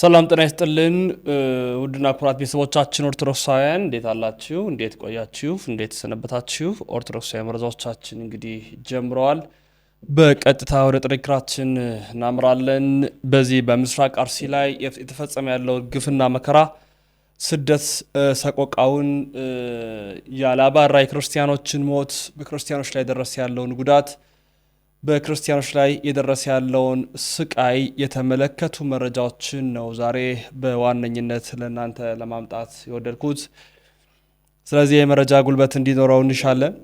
ሰላም ጤና ይስጥልን ውድና ኩራት ቤተሰቦቻችን ኦርቶዶክሳውያን እንዴት አላችሁ? እንዴት ቆያችሁ? እንዴት ሰነበታችሁ? ኦርቶዶክሳዊ መረጃዎቻችን እንግዲህ ጀምረዋል። በቀጥታ ወደ ጥንክራችን እናምራለን። በዚህ በምስራቅ አርሲ ላይ የተፈጸመ ያለው ግፍና መከራ ስደት ሰቆቃውን አባራ የክርስቲያኖችን ሞት በክርስቲያኖች ላይ ደረሰ ያለውን ጉዳት በክርስቲያኖች ላይ የደረሰ ያለውን ስቃይ የተመለከቱ መረጃዎችን ነው ዛሬ በዋነኝነት ለእናንተ ለማምጣት የወደድኩት። ስለዚህ የመረጃ ጉልበት እንዲኖረው እንሻለን።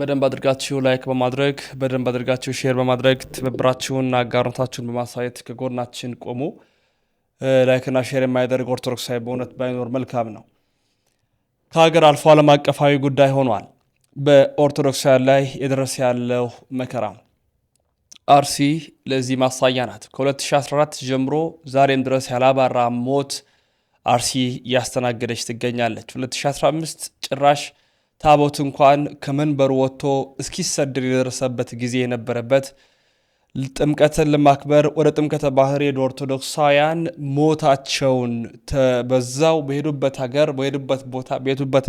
በደንብ አድርጋችሁ ላይክ በማድረግ በደንብ አድርጋችሁ ሼር በማድረግ ትብብራችሁንና አጋርነታችሁን በማሳየት ከጎናችን ቆሙ። ላይክና ሼር የማይደርግ ኦርቶዶክሳዊ በእውነት ባይኖር መልካም ነው። ከሀገር አልፎ ዓለም አቀፋዊ ጉዳይ ሆኗል። በኦርቶዶክሳውያን ላይ የደረሰ ያለው መከራ አርሲ ለዚህ ማሳያ ናት። ከ2014 ጀምሮ ዛሬም ድረስ ያላባራ ሞት አርሲ እያስተናገደች ትገኛለች። 2015 ጭራሽ ታቦት እንኳን ከመንበሩ ወጥቶ እስኪሰድር የደረሰበት ጊዜ የነበረበት ጥምቀትን ለማክበር ወደ ጥምቀተ ባህር የሄዱ ኦርቶዶክሳውያን ሞታቸውን በዛው በሄዱበት ሀገር በሄዱበት ቦታ በሄዱበት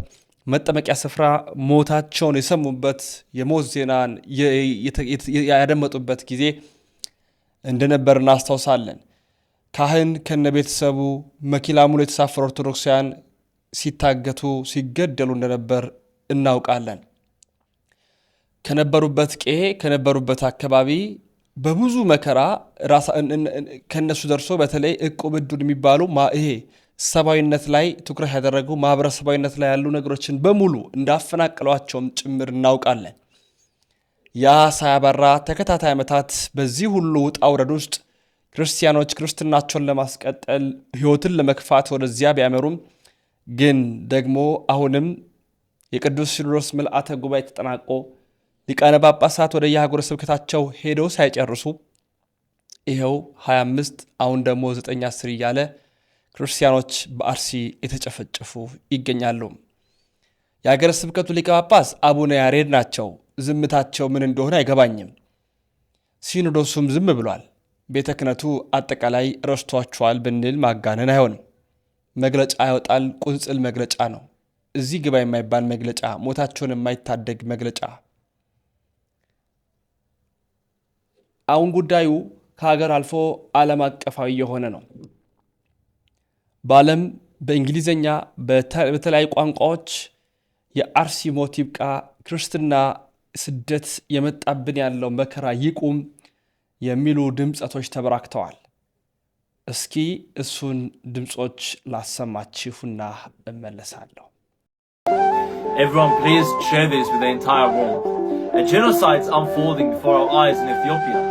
መጠመቂያ ስፍራ ሞታቸውን የሰሙበት የሞት ዜናን ያደመጡበት ጊዜ እንደነበር እናስታውሳለን። ካህን ከነ ቤተሰቡ ሙሉ የተሳፈሩ ኦርቶዶክሳውያን ሲታገቱ፣ ሲገደሉ እንደነበር እናውቃለን። ከነበሩበት ቄ ከነበሩበት አካባቢ በብዙ መከራ ከነሱ ደርሶ በተለይ እቁብ ብዱን የሚባሉ ይሄ ሰብአዊነት ላይ ትኩረት ያደረጉ ማህበረሰባዊነት ላይ ያሉ ነገሮችን በሙሉ እንዳፈናቀሏቸውም ጭምር እናውቃለን። ያ ሳያበራ ተከታታይ ዓመታት በዚህ ሁሉ ውጣ ውረድ ውስጥ ክርስቲያኖች ክርስትናቸውን ለማስቀጠል ሕይወትን ለመክፋት ወደዚያ ቢያመሩም ግን ደግሞ አሁንም የቅዱስ ሲኖዶስ ምልአተ ጉባኤ ተጠናቆ ሊቃነ ጳጳሳት ወደ የሀገረ ስብከታቸው ሄደው ሳይጨርሱ ይኸው 25 አሁን ደግሞ 9 10 እያለ ክርስቲያኖች በአርሲ የተጨፈጨፉ ይገኛሉ። የአገር ስብከቱ ሊቀ ጳጳስ አቡነ ያሬድ ናቸው። ዝምታቸው ምን እንደሆነ አይገባኝም። ሲኖዶሱም ዝም ብሏል። ቤተ ክህነቱ አጠቃላይ ረስቷቸዋል ብንል ማጋነን አይሆንም። መግለጫ ያወጣል። ቁንጽል መግለጫ ነው። እዚህ ግባ የማይባል መግለጫ፣ ሞታቸውን የማይታደግ መግለጫ። አሁን ጉዳዩ ከሀገር አልፎ ዓለም አቀፋዊ የሆነ ነው። በዓለም በእንግሊዝኛ በተለያዩ ቋንቋዎች የአርሲሞ ቲብቃ ክርስትና ስደት የመጣብን ያለው መከራ ይቁም የሚሉ ድምፀቶች ተበራክተዋል። እስኪ እሱን ድምፆች ላሰማችሁና እመለሳለሁ። Everyone please share this with the entire world. A genocide is unfolding before our eyes in Ethiopia.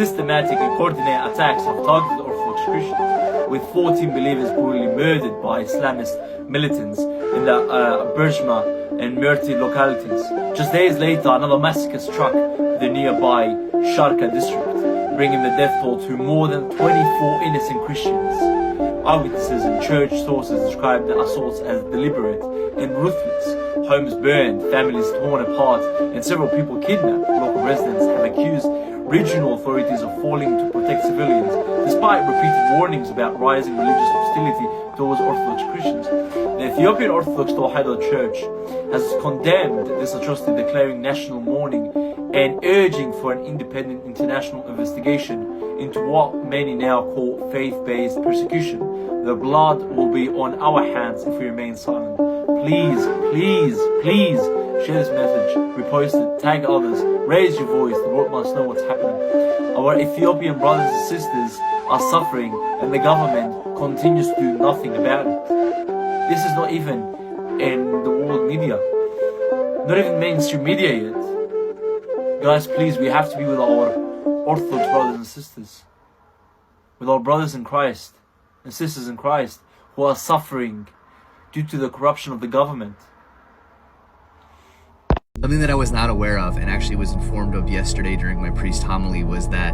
Systematic and coordinated attacks have targeted Orthodox Christians. with 14 believers brutally murdered by Islamist militants in the uh, and Merti localities. Just days later, another massacre struck the nearby Sharqa district, bringing the death toll to more than 24 innocent Christians. Eyewitnesses and church sources described the assaults as deliberate and ruthless. Homes burned, families torn apart, and several people kidnapped. Local residents have accused regional authorities of failing to protect civilians despite repeated warnings about rising religious hostility towards Orthodox Christians. The Ethiopian Orthodox Tewahedo Church has condemned this atrocity, declaring national mourning and urging for an independent international investigation into what many now call faith-based persecution. The blood will be on our hands if we remain silent. Please, please, please share this message, repost it, tag others, raise your voice. The world must know what's happening. Our Ethiopian brothers and sisters are suffering, and the government continues to do nothing about it. This is not even in the world media, not even mainstream media yet. Guys, please, we have to be with our Orthodox brothers and sisters, with our brothers in Christ and sisters in Christ who are suffering due to the corruption of the government. Something that I was not aware of and actually was informed of yesterday during my priest homily was that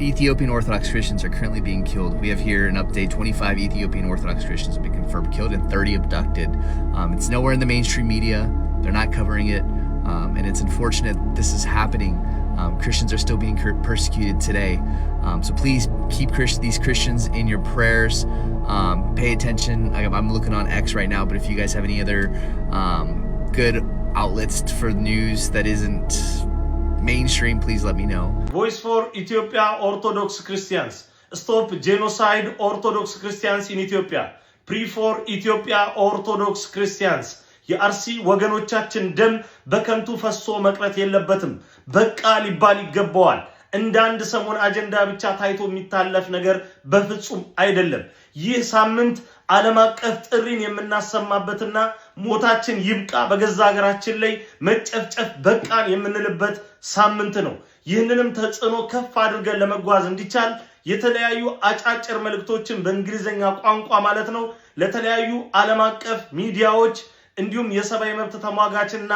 Ethiopian Orthodox Christians are currently being killed. We have here an update 25 Ethiopian Orthodox Christians have been confirmed killed and 30 abducted. Um, it's nowhere in the mainstream media, they're not covering it, um, and it's unfortunate this is happening. Um, Christians are still being persecuted today. Um, so please keep Christ these Christians in your prayers. Um, pay attention. I, am looking on X right now, but if you guys have any other um, good outlets for news that isn't mainstream, please let me know. Voice for Ethiopia Orthodox Christians. Stop genocide Orthodox Christians in Ethiopia. Pray for Ethiopia Orthodox Christians. የአርሲ ወገኖቻችን ደም በከንቱ ፈሶ መቅረት የለበትም። በቃ ሊባል ይገባዋል። እንደ አንድ ሰሞን አጀንዳ ብቻ ታይቶ የሚታለፍ ነገር በፍጹም አይደለም። ይህ ሳምንት ዓለም አቀፍ ጥሪን የምናሰማበትና ሞታችን ይብቃ በገዛ ሀገራችን ላይ መጨፍጨፍ በቃን የምንልበት ሳምንት ነው። ይህንንም ተጽዕኖ ከፍ አድርገን ለመጓዝ እንዲቻል የተለያዩ አጫጭር መልእክቶችን በእንግሊዝኛ ቋንቋ ማለት ነው ለተለያዩ ዓለም አቀፍ ሚዲያዎች እንዲሁም የሰብአዊ መብት ተሟጋችና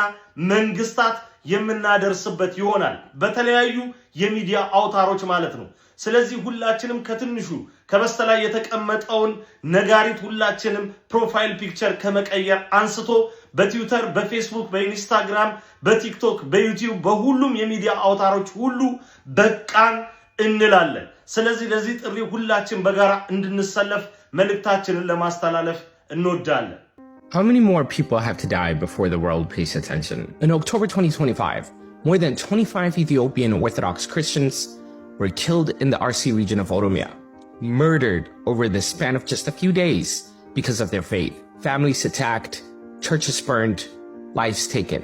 መንግስታት የምናደርስበት ይሆናል በተለያዩ የሚዲያ አውታሮች ማለት ነው። ስለዚህ ሁላችንም ከትንሹ ከበስተላይ የተቀመጠውን ነጋሪት ሁላችንም ፕሮፋይል ፒክቸር ከመቀየር አንስቶ በትዊተር፣ በፌስቡክ፣ በኢንስታግራም፣ በቲክቶክ፣ በዩቲዩብ በሁሉም የሚዲያ አውታሮች ሁሉ በቃን እንላለን። ስለዚህ ለዚህ ጥሪ ሁላችን በጋራ እንድንሰለፍ መልእክታችንን ለማስተላለፍ እንወዳለን። How many more people have to die before the world pays attention? In October 2025, more than 25 Ethiopian Orthodox Christians were killed in the RC region of Oromia, murdered over the span of just a few days because of their faith. Families attacked, churches burned, lives taken,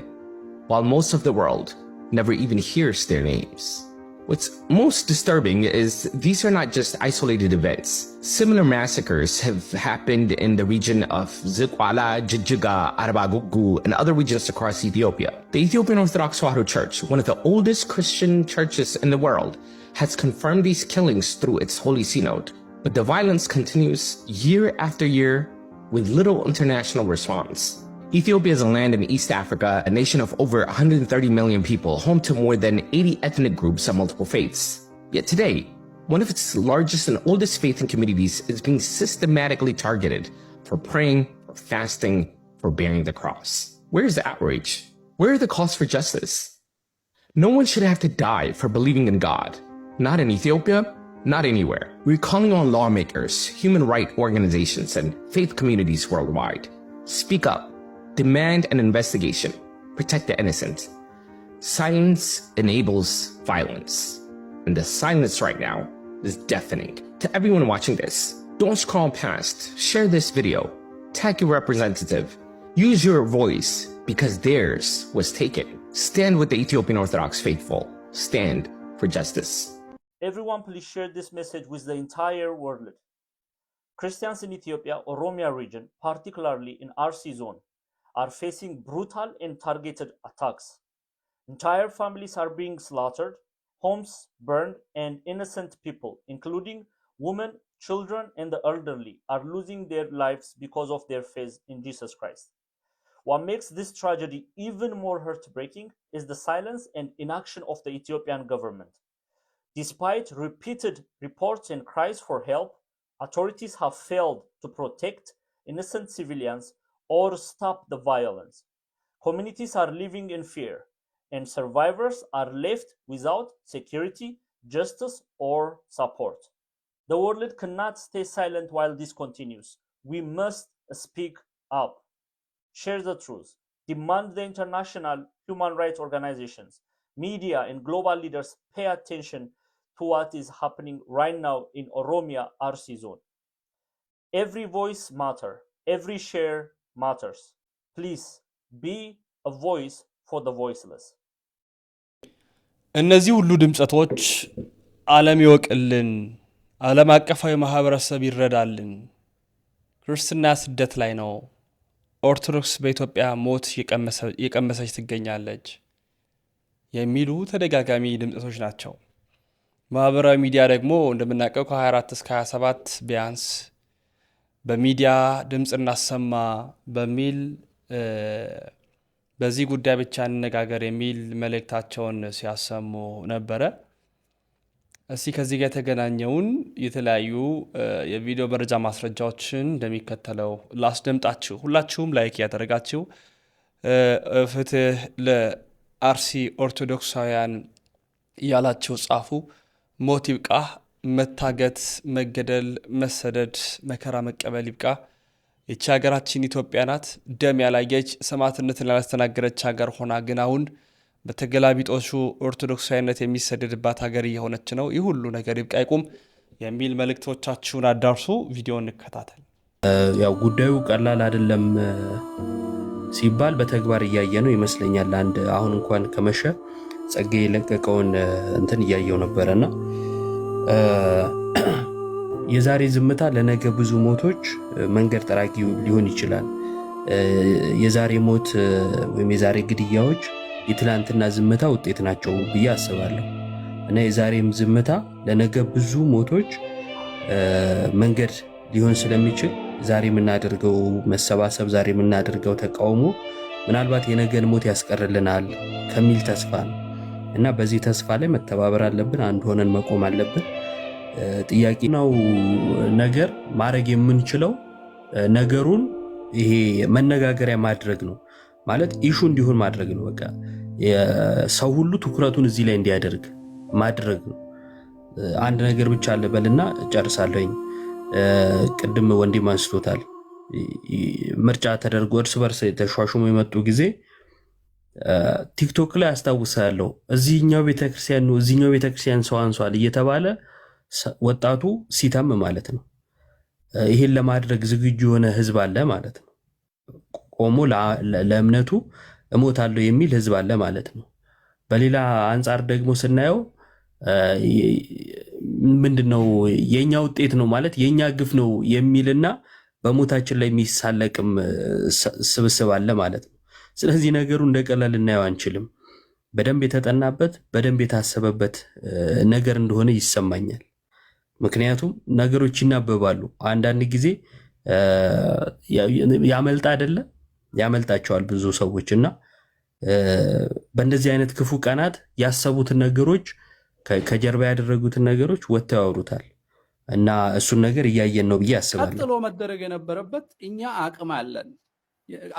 while most of the world never even hears their names. What's most disturbing is these are not just isolated events. Similar massacres have happened in the region of Zikwala, Jijiga, Arabagugu, and other regions across Ethiopia. The Ethiopian Orthodox Church, one of the oldest Christian churches in the world, has confirmed these killings through its Holy Synod. But the violence continues year after year with little international response. Ethiopia is a land in East Africa, a nation of over 130 million people, home to more than 80 ethnic groups and multiple faiths. Yet today, one of its largest and oldest faith and communities is being systematically targeted for praying, for fasting, for bearing the cross. Where is the outrage? Where are the calls for justice? No one should have to die for believing in God. Not in Ethiopia, not anywhere. We're calling on lawmakers, human rights organizations, and faith communities worldwide. Speak up Demand an investigation. Protect the innocent. Silence enables violence. And the silence right now is deafening. To everyone watching this, don't scroll past. Share this video. Tag your representative. Use your voice because theirs was taken. Stand with the Ethiopian Orthodox faithful. Stand for justice. Everyone, please share this message with the entire world. Christians in Ethiopia, Oromia region, particularly in RC zone, are facing brutal and targeted attacks. Entire families are being slaughtered, homes burned, and innocent people, including women, children, and the elderly, are losing their lives because of their faith in Jesus Christ. What makes this tragedy even more heartbreaking is the silence and inaction of the Ethiopian government. Despite repeated reports and cries for help, authorities have failed to protect innocent civilians or stop the violence. Communities are living in fear, and survivors are left without security, justice, or support. The world cannot stay silent while this continues. We must speak up, share the truth, demand the international human rights organizations, media, and global leaders pay attention to what is happening right now in Oromia RC zone. Every voice matter, every share matters. Please be a voice for the voiceless. እነዚህ ሁሉ ድምጸቶች ዓለም ይወቅልን፣ ዓለም አቀፋዊ ማህበረሰብ ይረዳልን። ክርስትና ስደት ላይ ነው። ኦርቶዶክስ በኢትዮጵያ ሞት የቀመሰች ትገኛለች የሚሉ ተደጋጋሚ ድምጸቶች ናቸው። ማህበራዊ ሚዲያ ደግሞ እንደምናውቀው ከ24 እስከ 27 ቢያንስ በሚዲያ ድምፅ እናሰማ በሚል በዚህ ጉዳይ ብቻ እንነጋገር የሚል መልእክታቸውን ሲያሰሙ ነበረ። እስቲ ከዚህ ጋር የተገናኘውን የተለያዩ የቪዲዮ መረጃ ማስረጃዎችን እንደሚከተለው ላስደምጣችሁ። ሁላችሁም ላይክ ያደረጋችሁ ፍትህ ለአርሲ ኦርቶዶክሳውያን እያላችሁ ጻፉ። ሞት ይብቃህ መታገት፣ መገደል፣ መሰደድ፣ መከራ መቀበል ይብቃ። ይቺ ሀገራችን ኢትዮጵያ ናት። ደም ያላየች ሰማዕትነትን ያላስተናገረች ሀገር ሆና ግን አሁን በተገላቢጦሹ ኦርቶዶክሳዊነት የሚሰደድባት ሀገር እየሆነች ነው። ይህ ሁሉ ነገር ይብቃ ይቁም የሚል መልእክቶቻችሁን አዳርሱ። ቪዲዮ እንከታተል። ያው ጉዳዩ ቀላል አይደለም ሲባል በተግባር እያየ ነው ይመስለኛል። አንድ አሁን እንኳን ከመሸ ጸጌ የለቀቀውን እንትን እያየው ነበረና የዛሬ ዝምታ ለነገ ብዙ ሞቶች መንገድ ጠራጊ ሊሆን ይችላል። የዛሬ ሞት ወይም የዛሬ ግድያዎች የትላንትና ዝምታ ውጤት ናቸው ብዬ አስባለሁ እና የዛሬም ዝምታ ለነገ ብዙ ሞቶች መንገድ ሊሆን ስለሚችል ዛሬ የምናደርገው መሰባሰብ፣ ዛሬ የምናደርገው ተቃውሞ ምናልባት የነገን ሞት ያስቀርልናል ከሚል ተስፋ ነው። እና በዚህ ተስፋ ላይ መተባበር አለብን። አንድ ሆነን መቆም አለብን። ጥያቄ ነው ነገር ማድረግ የምንችለው ነገሩን ይሄ መነጋገሪያ ማድረግ ነው ማለት ኢሹ እንዲሆን ማድረግ ነው። በቃ ሰው ሁሉ ትኩረቱን እዚህ ላይ እንዲያደርግ ማድረግ ነው። አንድ ነገር ብቻ አለበልና ጨርሳለኝ። ቅድም ወንድም አንስቶታል። ምርጫ ተደርጎ እርስ በርስ ተሿሹሞ የመጡ ጊዜ ቲክቶክ ላይ አስታውሳለሁ። እዚህኛው ቤተክርስቲያን ነው እዚህኛው ቤተክርስቲያን ሰው አንሷል እየተባለ ወጣቱ ሲተም ማለት ነው። ይሄን ለማድረግ ዝግጁ የሆነ ህዝብ አለ ማለት ነው። ቆሞ ለእምነቱ እሞታለሁ የሚል ህዝብ አለ ማለት ነው። በሌላ አንጻር ደግሞ ስናየው ምንድን ነው የእኛ ውጤት ነው ማለት የእኛ ግፍ ነው የሚልና በሞታችን ላይ የሚሳለቅም ስብስብ አለ ማለት ነው። ስለዚህ ነገሩ እንደቀላል ልናየው አንችልም። በደንብ የተጠናበት በደንብ የታሰበበት ነገር እንደሆነ ይሰማኛል። ምክንያቱም ነገሮች ይናበባሉ። አንዳንድ ጊዜ ያመልጣ አይደለ ያመልጣቸዋል ብዙ ሰዎች እና በእንደዚህ አይነት ክፉ ቀናት ያሰቡትን ነገሮች ከጀርባ ያደረጉትን ነገሮች ወጥተው ያወሩታል እና እሱን ነገር እያየን ነው ብዬ አስባለሁ። ቀጥሎ መደረግ የነበረበት እኛ አቅም አለን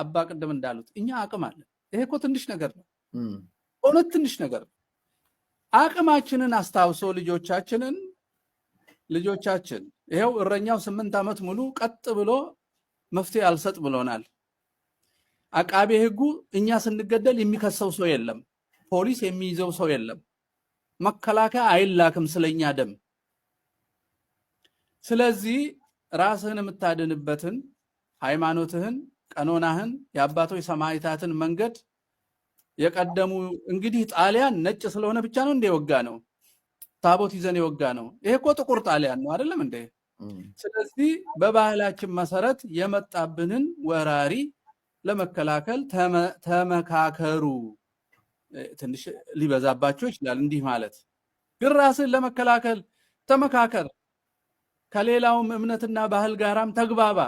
አባ ቅድም እንዳሉት እኛ አቅም አለን። ይሄ እኮ ትንሽ ነገር ነው፣ እውነት ትንሽ ነገር ነው። አቅማችንን አስታውሶ ልጆቻችንን ልጆቻችን ይኸው እረኛው ስምንት ዓመት ሙሉ ቀጥ ብሎ መፍትሄ አልሰጥ ብሎናል። አቃቤ ሕጉ እኛ ስንገደል የሚከሰው ሰው የለም፣ ፖሊስ የሚይዘው ሰው የለም፣ መከላከያ አይላክም ስለኛ ደም። ስለዚህ ራስህን የምታድንበትን ሃይማኖትህን ቀኖናህን የአባቶች ሰማዕታትን መንገድ የቀደሙ እንግዲህ ጣሊያን ነጭ ስለሆነ ብቻ ነው እንደ የወጋ ነው ታቦት ይዘን የወጋ ነው። ይሄ እኮ ጥቁር ጣሊያን ነው አይደለም እንዴ? ስለዚህ በባህላችን መሰረት የመጣብንን ወራሪ ለመከላከል ተመካከሩ። ትንሽ ሊበዛባቸው ይችላል እንዲህ ማለት ግን፣ ራስን ለመከላከል ተመካከር፣ ከሌላውም እምነትና ባህል ጋራም ተግባባ።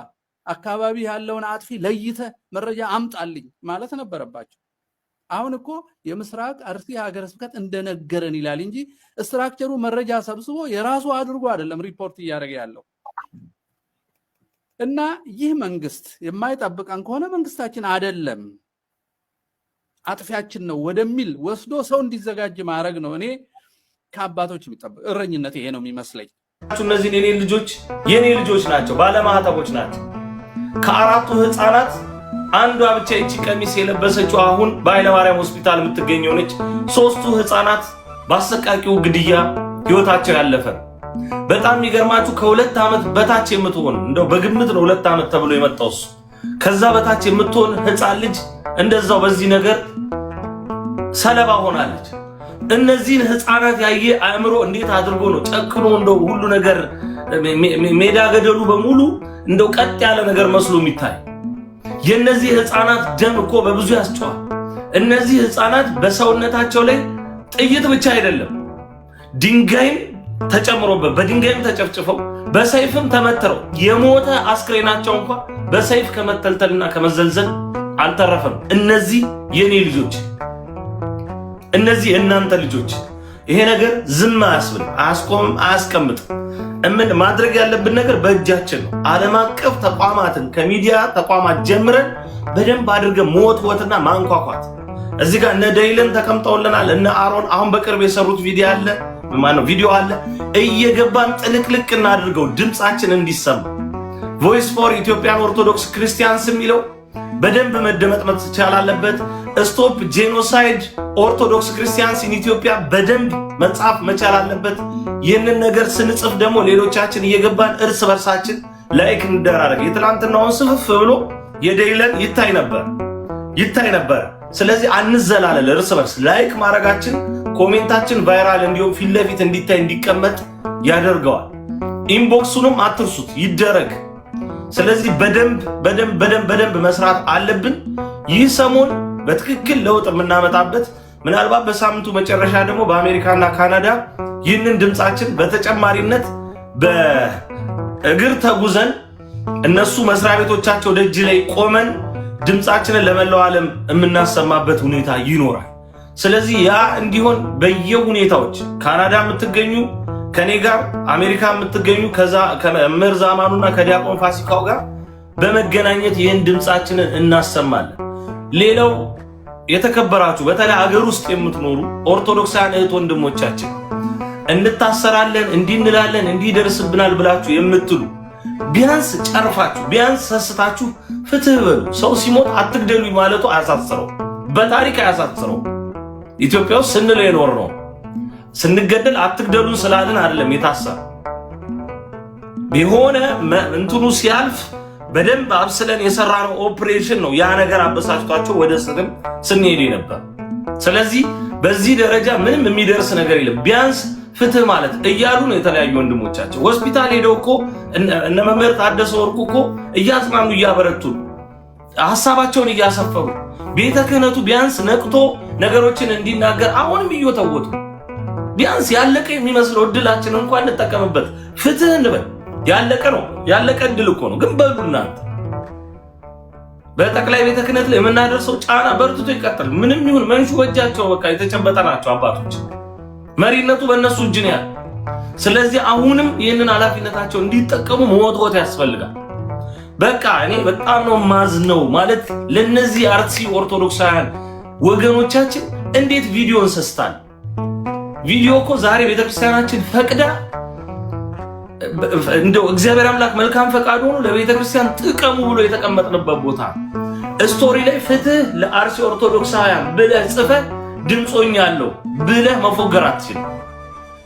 አካባቢ ያለውን አጥፊ ለይተ መረጃ አምጣልኝ ማለት ነበረባቸው። አሁን እኮ የምስራቅ አርሲ ሀገረ ስብከት እንደነገረን ይላል እንጂ ስትራክቸሩ መረጃ ሰብስቦ የራሱ አድርጎ አይደለም ሪፖርት እያደረገ ያለው። እና ይህ መንግስት የማይጠብቀን ከሆነ መንግስታችን አይደለም አጥፊያችን ነው ወደሚል ወስዶ ሰው እንዲዘጋጅ ማድረግ ነው። እኔ ከአባቶች የሚጠብቅ እረኝነት ይሄ ነው የሚመስለኝ። እነዚህን የኔ ልጆች የኔ ልጆች ናቸው፣ ባለማህተቦች ናቸው። ከአራቱ ህፃናት አንዷ ብቻ ይቺ ቀሚስ የለበሰችው አሁን በአይነ ማርያም ሆስፒታል የምትገኘው ነች። ሶስቱ ህፃናት በአሰቃቂው ግድያ ህይወታቸው ያለፈ በጣም የሚገርማችሁ ከሁለት ዓመት በታች የምትሆን እንደው በግምት ነው ሁለት ዓመት ተብሎ የመጣው እሱ ከዛ በታች የምትሆን ህፃን ልጅ እንደዛው በዚህ ነገር ሰለባ ሆናለች። እነዚህን ህፃናት ያየ አእምሮ እንዴት አድርጎ ነው ጨክኖ እንደው ሁሉ ነገር ሜዳ ገደሉ በሙሉ እንደው ቀጥ ያለ ነገር መስሎ የሚታይ የእነዚህ ህፃናት ደም እኮ በብዙ ያስጨዋል። እነዚህ ህፃናት በሰውነታቸው ላይ ጥይት ብቻ አይደለም ድንጋይም ተጨምሮበት በድንጋይም ተጨፍጭፈው በሰይፍም ተመትረው የሞተ አስክሬናቸው እንኳ በሰይፍ ከመተልተልና ከመዘልዘል አልተረፈም። እነዚህ የኔ ልጆች፣ እነዚህ የእናንተ ልጆች። ይሄ ነገር ዝም አያስብል፣ አያስቆምም፣ አያስቀምጥም። እምን ማድረግ ያለብን ነገር በእጃችን ነው። ዓለም አቀፍ ተቋማትን ከሚዲያ ተቋማት ጀምረን በደንብ አድርገን መወትወትና ማንኳኳት። እዚህ ጋር እነ ደይለን ተቀምጠውልናል። እነ አሮን አሁን በቅርብ የሰሩት ቪዲዮ አለ ማነው ቪዲዮ አለ። እየገባን ጥልቅልቅ እናድርገው ድምፃችን እንዲሰማ። ቮይስ ፎር ኢትዮጵያን ኦርቶዶክስ ክርስቲያንስ የሚለው በደንብ መደመጥ መቻል አለበት። ስቶፕ ጄኖሳይድ ኦርቶዶክስ ክርስቲያንስ ኢትዮጵያ በደንብ መጻፍ መቻል አለበት። ይህንን ነገር ስንጽፍ ደግሞ ሌሎቻችን እየገባን እርስ በርሳችን ላይክ እንደራረግ። የትላንትናውን ስፍፍ ብሎ የደይለን ይታይ ነበር ይታይ ነበር። ስለዚህ አንዘላለል፣ እርስ በርስ ላይክ ማድረጋችን ኮሜንታችን ቫይራል እንዲሁም ፊት ለፊት እንዲታይ እንዲቀመጥ ያደርገዋል። ኢንቦክሱንም አትርሱት ይደረግ። ስለዚህ በደንብ በደንብ በደንብ በደንብ መስራት አለብን ይህ ሰሞን በትክክል ለውጥ የምናመጣበት ምናልባት በሳምንቱ መጨረሻ ደግሞ በአሜሪካና ካናዳ ይህንን ድምፃችን በተጨማሪነት በእግር ተጉዘን እነሱ መስሪያ ቤቶቻቸው ደጅ ላይ ቆመን ድምፃችንን ለመላው ዓለም የምናሰማበት ሁኔታ ይኖራል። ስለዚህ ያ እንዲሆን በየሁኔታዎች ካናዳ የምትገኙ ከኔ ጋር አሜሪካ የምትገኙ ከመምህር ዛማኑና ከዲያቆን ፋሲካው ጋር በመገናኘት ይህን ድምፃችንን እናሰማለን። ሌላው የተከበራችሁ በተለይ ሀገር ውስጥ የምትኖሩ ኦርቶዶክሳን እህት ወንድሞቻችን እንታሰራለን፣ እንዲህ እንላለን፣ እንዲህ ይደርስብናል ብላችሁ የምትሉ ቢያንስ ጨርፋችሁ ቢያንስ ሰስታችሁ ፍትህ በሉ። ሰው ሲሞት አትግደሉ ማለቱ አያሳስረው፣ በታሪክ አያሳስረው። ኢትዮጵያ ውስጥ ስንል የኖር ነው። ስንገደል አትግደሉን ስላልን አይደለም የታሰረ የሆነ እንትኑ ሲያልፍ በደንብ አብስለን የሰራነው ኦፕሬሽን ነው። ያ ነገር አበሳጭቷቸው ወደ ስርም ስንሄድ ነበር። ስለዚህ በዚህ ደረጃ ምንም የሚደርስ ነገር የለም። ቢያንስ ፍትህ ማለት እያሉ ነው የተለያዩ ወንድሞቻቸው። ሆስፒታል ሄደው እኮ እነ መምህር ታደሰ ወርቁ እኮ እያጽናኑ እያበረቱ ሀሳባቸውን እያሰፈሩ ቤተ ክህነቱ ቢያንስ ነቅቶ ነገሮችን እንዲናገር አሁንም እየተወጡ ቢያንስ ያለቀ የሚመስለው እድላችን እንኳን እንጠቀምበት፣ ፍትህ እንበል። ያለቀ ነው። ያለቀ እድል እኮ ነው። ግን በሉ እናንተ በጠቅላይ ቤተ ክህነት ላይ የምናደርሰው ጫና በርትቶ ይቀጥል። ምንም ይሁን መንሹ በእጃቸው በቃ የተጨበጠ ናቸው አባቶች። መሪነቱ በእነሱ እጅ ነው ያለ። ስለዚህ አሁንም ይህንን ኃላፊነታቸው እንዲጠቀሙ መወትወት ያስፈልጋል። በቃ እኔ በጣም ነው ማዝነው ማለት ለነዚህ አርሲ ኦርቶዶክሳውያን ወገኖቻችን እንዴት ቪዲዮ እንሰስታል። ቪዲዮ እኮ ዛሬ ቤተክርስቲያናችን ፈቅዳ እንደው እግዚአብሔር አምላክ መልካም ፈቃድ ሆኖ ለቤተ ክርስቲያን ጥቀሙ ብሎ የተቀመጥንበት ቦታ ስቶሪ ላይ ፍትህ ለአርሲ ኦርቶዶክሳውያን ብለህ ጽፈህ ድምፆኛለሁ ብለህ መፎገር አትችልም።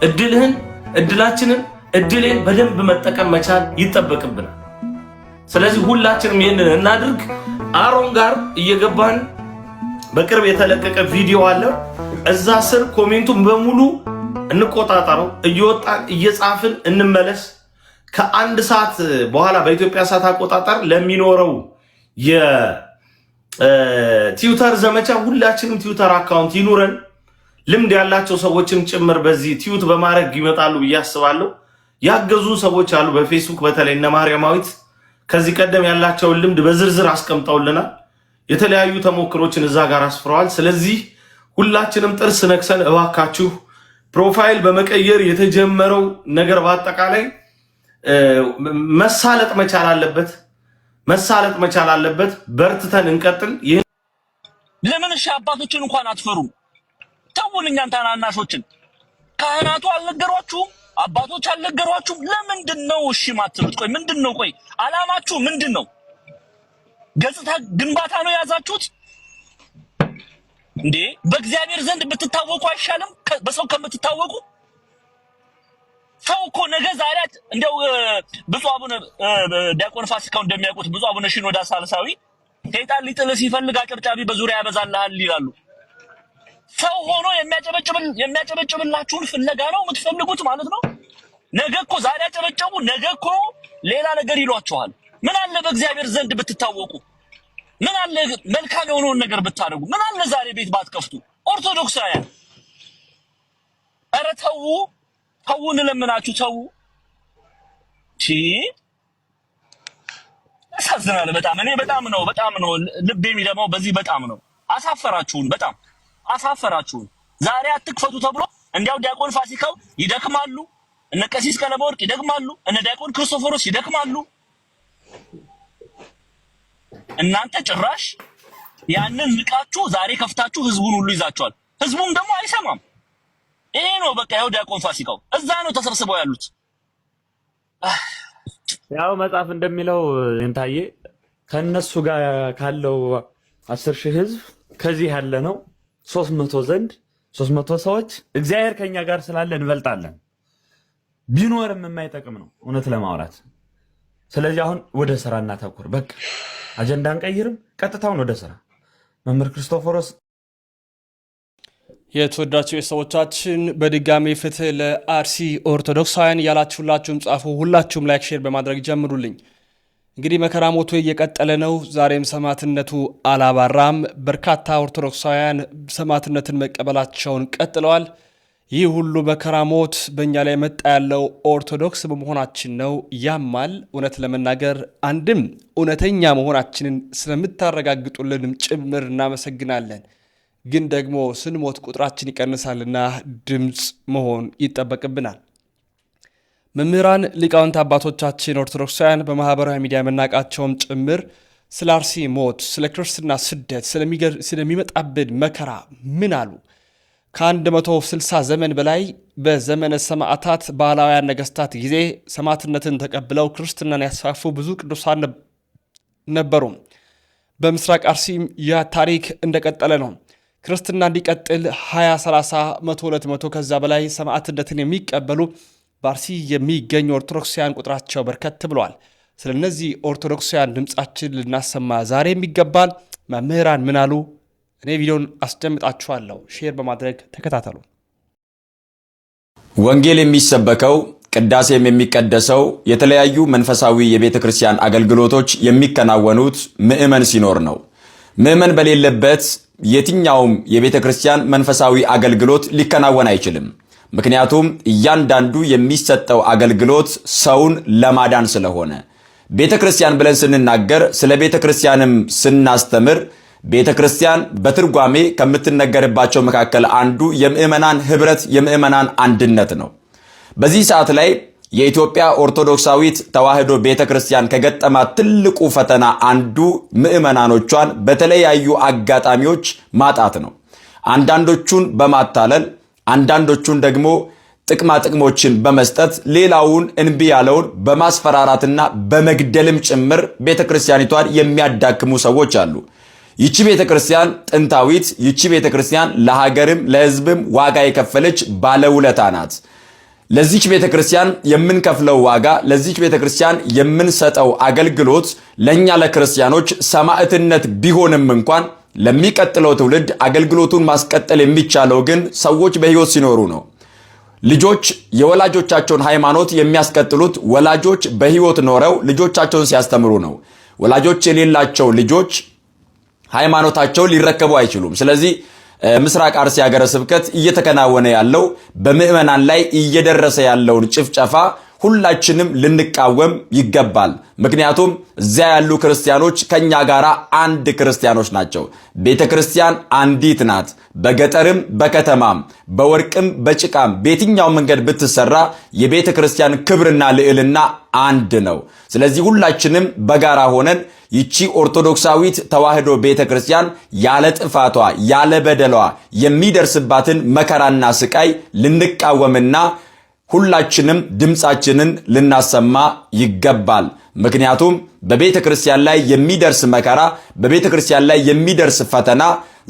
እድልህን እድላችንን እድሌን በደንብ መጠቀም መቻል ይጠበቅብናል። ስለዚህ ሁላችንም ይህንን እናድርግ። አሮን ጋር እየገባን በቅርብ የተለቀቀ ቪዲዮ አለ። እዛ ስር ኮሜንቱን በሙሉ እንቆጣጠረው፣ እየወጣን እየጻፍን እንመለስ። ከአንድ ሰዓት በኋላ በኢትዮጵያ ሰዓት አቆጣጠር ለሚኖረው የቲዩተር ዘመቻ ሁላችንም ቲዩተር አካውንት ይኑረን። ልምድ ያላቸው ሰዎችም ጭምር በዚህ ቲዩት በማድረግ ይመጣሉ ብዬ አስባለሁ። ያገዙ ሰዎች አሉ። በፌስቡክ በተለይ እነ ማርያማዊት ከዚህ ቀደም ያላቸውን ልምድ በዝርዝር አስቀምጠውልናል። የተለያዩ ተሞክሮችን እዛ ጋር አስፍረዋል። ስለዚህ ሁላችንም ጥርስ ነክሰን እባካችሁ ፕሮፋይል በመቀየር የተጀመረው ነገር በአጠቃላይ መሳለጥ መቻል አለበት፣ መሳለጥ መቻል አለበት። በርትተን እንቀጥል። ይህ ለምን እሺ፣ አባቶችን እንኳን አትፈሩም? ተውን፣ እኛን ታናናሾችን ካህናቱ አልነገሯችሁም? አባቶች አልነገሯችሁም? ለምንድን ነው እሺ ማትሉት? ቆይ ምንድን ነው? ቆይ አላማችሁ ምንድን ነው? ገጽታ ግንባታ ነው የያዛችሁት? እንዴ በእግዚአብሔር ዘንድ ብትታወቁ አይሻልም? በሰው ከምትታወቁ ሰው እኮ ነገ ዛሬያት እንደው ብፁዕ አቡነ ዲያቆን ፋሲካው እንደሚያውቁት ብፁዕ አቡነ ሽኖዳ ሳልሳዊ ሰይጣን ሊጥል ሲፈልግ አጨብጫቢ በዙሪያ ያበዛልሃል ይላሉ። ሰው ሆኖ የሚያጨበጭብላችሁን ፍለጋ ነው የምትፈልጉት ማለት ነው። ነገ እኮ ዛሬ ያጨበጨቡ ነገ እኮ ሌላ ነገር ይሏችኋል። ምን አለ በእግዚአብሔር ዘንድ ብትታወቁ ምን አለ መልካም የሆነውን ነገር ብታደርጉ? ምን አለ ዛሬ ቤት ባትከፍቱ? ኦርቶዶክሳውያን ኧረ ተው ተው፣ እንለምናችሁ ተው። ቺ ያሳዝናል በጣም እኔ በጣም ነው በጣም ነው ልብ የሚደማው በዚህ በጣም ነው። አሳፈራችሁን፣ በጣም አሳፈራችሁን። ዛሬ አትክፈቱ ተብሎ እንዲያው ዲያቆን ፋሲካው ይደክማሉ፣ እነ ቀሲስ ቀለበወርቅ ይደክማሉ፣ እነ ዲያቆን ክርስቶፎሮስ ይደክማሉ። እናንተ ጭራሽ ያንን ንቃችሁ ዛሬ ከፍታችሁ ህዝቡን ሁሉ ይዛችኋል። ህዝቡም ደግሞ አይሰማም። ይሄ ነው በቃ። ይኸው ዲያቆን ፋሲካው እዛ ነው ተሰብስበው ያሉት። ያው መጽሐፍ እንደሚለው እንታዬ ከነሱ ጋር ካለው አስር ሺህ ህዝብ ከዚህ ያለ ነው ሶስት መቶ ዘንድ ሶስት መቶ ሰዎች እግዚአብሔር ከኛ ጋር ስላለ እንበልጣለን። ቢኖርም የማይጠቅም ነው እውነት ለማውራት። ስለዚህ አሁን ወደ ስራ እናተኩር በቃ አጀንዳ አንቀይርም፣ ቀጥታውን ወደ ስራ። መምህር ክርስቶፎሮስ የተወዳቸው የሰዎቻችን በድጋሚ ፍትህ ለአርሲ ኦርቶዶክሳውያን ያላችሁላችሁም ጻፉ። ሁላችሁም ላይክ ሼር በማድረግ ጀምሩልኝ። እንግዲህ መከራ ሞቶ እየቀጠለ ነው። ዛሬም ሰማዕትነቱ አላባራም። በርካታ ኦርቶዶክሳውያን ሰማዕትነትን መቀበላቸውን ቀጥለዋል። ይህ ሁሉ መከራ ሞት በእኛ ላይ መጣ ያለው ኦርቶዶክስ በመሆናችን ነው። ያማል። እውነት ለመናገር አንድም እውነተኛ መሆናችንን ስለምታረጋግጡልንም ጭምር እናመሰግናለን። ግን ደግሞ ስንሞት ቁጥራችን ይቀንሳልና ድምፅ መሆን ይጠበቅብናል። መምህራን፣ ሊቃውንት አባቶቻችን ኦርቶዶክሳውያን በማህበራዊ ሚዲያ መናቃቸውም ጭምር ስለ አርሲ ሞት፣ ስለ ክርስትና ስደት፣ ስለሚመጣብን መከራ ምን አሉ? ከ160 ዘመን በላይ በዘመነ ሰማዕታት ባህላውያን ነገስታት ጊዜ ሰማዕትነትን ተቀብለው ክርስትናን ያስፋፉ ብዙ ቅዱሳን ነበሩ። በምስራቅ አርሲም ያ ታሪክ እንደቀጠለ ነው። ክርስትና እንዲቀጥል 20፣ ከዛ በላይ ሰማዕትነትን የሚቀበሉ በአርሲ የሚገኙ ኦርቶዶክሳውያን ቁጥራቸው በርከት ብለዋል። ስለነዚህ ኦርቶዶክሳውያን ድምፃችን ልናሰማ ዛሬም ይገባል። መምህራን ምናሉ? እኔ ቪዲዮን አስደምጣችኋለሁ። ሼር በማድረግ ተከታተሉ። ወንጌል የሚሰበከው ቅዳሴም የሚቀደሰው የተለያዩ መንፈሳዊ የቤተ ክርስቲያን አገልግሎቶች የሚከናወኑት ምዕመን ሲኖር ነው። ምዕመን በሌለበት የትኛውም የቤተ ክርስቲያን መንፈሳዊ አገልግሎት ሊከናወን አይችልም። ምክንያቱም እያንዳንዱ የሚሰጠው አገልግሎት ሰውን ለማዳን ስለሆነ ቤተ ክርስቲያን ብለን ስንናገር ስለ ቤተ ክርስቲያንም ስናስተምር ቤተ ክርስቲያን በትርጓሜ ከምትነገርባቸው መካከል አንዱ የምዕመናን ህብረት፣ የምዕመናን አንድነት ነው። በዚህ ሰዓት ላይ የኢትዮጵያ ኦርቶዶክሳዊት ተዋህዶ ቤተ ክርስቲያን ከገጠማት ትልቁ ፈተና አንዱ ምዕመናኖቿን በተለያዩ አጋጣሚዎች ማጣት ነው። አንዳንዶቹን በማታለል አንዳንዶቹን ደግሞ ጥቅማ ጥቅሞችን በመስጠት ሌላውን እንቢ ያለውን በማስፈራራትና በመግደልም ጭምር ቤተ ክርስቲያኒቷን የሚያዳክሙ ሰዎች አሉ። ይቺ ቤተክርስቲያን ጥንታዊት፣ ይቺ ቤተክርስቲያን ለሀገርም ለህዝብም ዋጋ የከፈለች ባለውለታ ናት። ለዚች ቤተክርስቲያን የምንከፍለው ዋጋ፣ ለዚች ቤተክርስቲያን የምንሰጠው አገልግሎት ለእኛ ለክርስቲያኖች ሰማዕትነት ቢሆንም እንኳን ለሚቀጥለው ትውልድ አገልግሎቱን ማስቀጠል የሚቻለው ግን ሰዎች በሕይወት ሲኖሩ ነው። ልጆች የወላጆቻቸውን ሃይማኖት የሚያስቀጥሉት ወላጆች በሕይወት ኖረው ልጆቻቸውን ሲያስተምሩ ነው። ወላጆች የሌላቸው ልጆች ሃይማኖታቸውን ሊረከቡ አይችሉም። ስለዚህ ምስራቅ አርሲ ሀገረ ስብከት እየተከናወነ ያለው በምዕመናን ላይ እየደረሰ ያለውን ጭፍጨፋ ሁላችንም ልንቃወም ይገባል። ምክንያቱም እዚያ ያሉ ክርስቲያኖች ከኛ ጋር አንድ ክርስቲያኖች ናቸው። ቤተ ክርስቲያን አንዲት ናት። በገጠርም በከተማም በወርቅም በጭቃም በየትኛው መንገድ ብትሰራ የቤተ ክርስቲያን ክብርና ልዕልና አንድ ነው። ስለዚህ ሁላችንም በጋራ ሆነን ይቺ ኦርቶዶክሳዊት ተዋህዶ ቤተ ክርስቲያን ያለ ጥፋቷ ያለ በደሏ የሚደርስባትን መከራና ስቃይ ልንቃወምና ሁላችንም ድምፃችንን ልናሰማ ይገባል። ምክንያቱም በቤተ ክርስቲያን ላይ የሚደርስ መከራ፣ በቤተ ክርስቲያን ላይ የሚደርስ ፈተና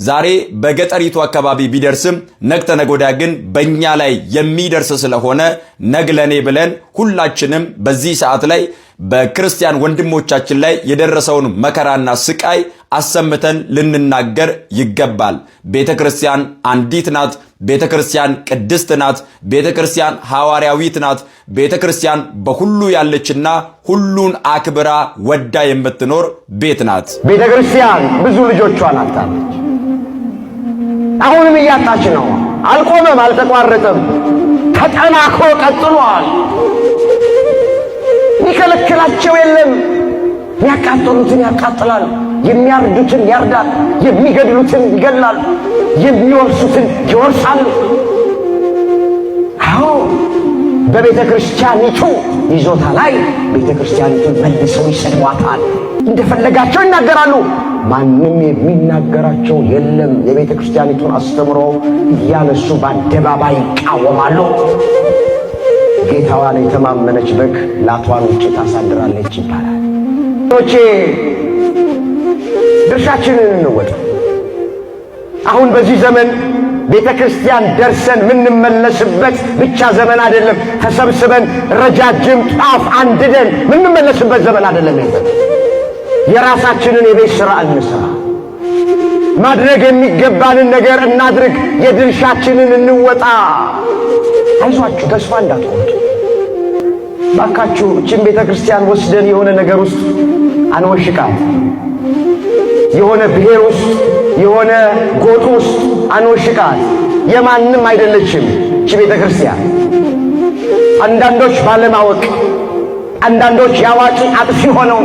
ዛሬ በገጠሪቱ አካባቢ ቢደርስም ነገ ተነገ ወዲያ ግን በእኛ ላይ የሚደርስ ስለሆነ ነግለኔ ለእኔ ብለን ሁላችንም በዚህ ሰዓት ላይ በክርስቲያን ወንድሞቻችን ላይ የደረሰውን መከራና ስቃይ አሰምተን ልንናገር ይገባል። ቤተ ክርስቲያን አንዲት ናት። ቤተ ክርስቲያን ቅድስት ናት። ቤተ ክርስቲያን ሐዋርያዊት ናት። ቤተ ክርስቲያን በሁሉ ያለችና ሁሉን አክብራ ወዳ የምትኖር ቤት ናት። ቤተ ክርስቲያን ብዙ ልጆቿን አጣለች። አሁንም እያጣች ነው። አልቆመም፣ አልተቋረጠም፣ ተጠናክሮ ቀጥሏል። የሚከለክላቸው የለም። የሚያቃጥሉትን ያቃጥላል፣ የሚያርዱትን ያርዳል፣ የሚገድሉትን ይገላል የሚወርሱትን ይወርሳል። አዎ በቤተ ክርስቲያኒቱ ይዞታ ላይ ቤተ ክርስቲያኒቱን መልሰው ይሰድቧታል። እንደፈለጋቸው ይናገራሉ። ማንም የሚናገራቸው የለም። የቤተ ክርስቲያኒቱን አስተምሮ እያነሱ በአደባባይ ይቃወማሉ። ጌታዋን የተማመነች በግ ላቷን ውጭ ታሳድራለች ይባላል። ቼ ድርሻችንን እንወጣ። አሁን በዚህ ዘመን ቤተ ክርስቲያን ደርሰን ምንመለስበት ብቻ ዘመን አይደለም። ተሰብስበን ረጃጅም ጧፍ አንድደን ምንመለስበት ዘመን አይደለም። የራሳችንን የቤት ሥራ እንሥራ። ማድረግ የሚገባንን ነገር እናድርግ። የድርሻችንን እንወጣ። አይዟችሁ፣ ተስፋ እንዳትቆርጡ ባካችሁ። እችን ቤተ ክርስቲያን ወስደን የሆነ ነገር ውስጥ አንወሽቃት። የሆነ ብሔር ውስጥ የሆነ ጎጥ ውስጥ አንወሽቃት። የማንም አይደለችም እች ቤተ ክርስቲያን። አንዳንዶች ባለማወቅ አንዳንዶች የአዋቂ አጥፊ ሆነው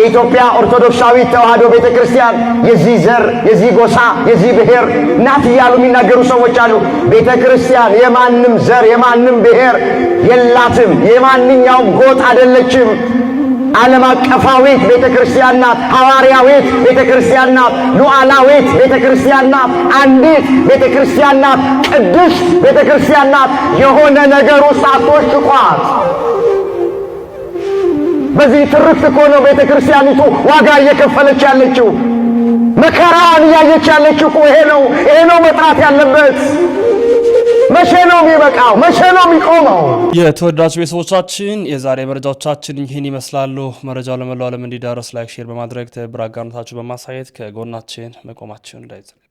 የኢትዮጵያ ኦርቶዶክሳዊት ተዋሕዶ ቤተ ክርስቲያን የዚህ ዘር፣ የዚህ ጎሳ፣ የዚህ ብሔር ናት እያሉ የሚናገሩ ሰዎች አሉ። ቤተ ክርስቲያን የማንም ዘር የማንም ብሔር የላትም። የማንኛውም ጎጥ አይደለችም። ዓለም አቀፋዊት ቤተ ክርስቲያን ናት። ሐዋርያዊት ቤተ ክርስቲያን ናት። ሉዓላዊት ቤተ ክርስቲያን ናት። አንዲት ቤተ ክርስቲያን ናት። ቅድስት ቤተ ክርስቲያን ናት። የሆነ ነገር ውስጥ አትወሽቋት። በዚህ ትርክ እኮ ነው ቤተ ክርስቲያኒቱ ዋጋ እየከፈለች ያለችው። መከራዋን እያየች ያለችው እኮ ይሄ ነው። ይሄ ነው መጥራት ያለበት። መቼ ነው የሚበቃው? መቼ ነው የሚቆመው? የተወዳጅ ቤተሰቦቻችን የዛሬ መረጃዎቻችን ይህን ይመስላሉ። መረጃው ለመላው ዓለም እንዲዳረስ ላይክ፣ ሼር በማድረግ ትብብር አጋርነታችሁ በማሳየት ከጎናችን መቆማችሁን እንዳይዘነጋ